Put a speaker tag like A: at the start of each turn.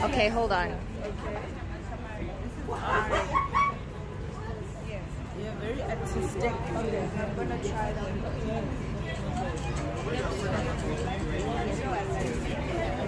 A: Okay, hold on. Yeah,
B: very artistic. Okay, I'm gonna try that.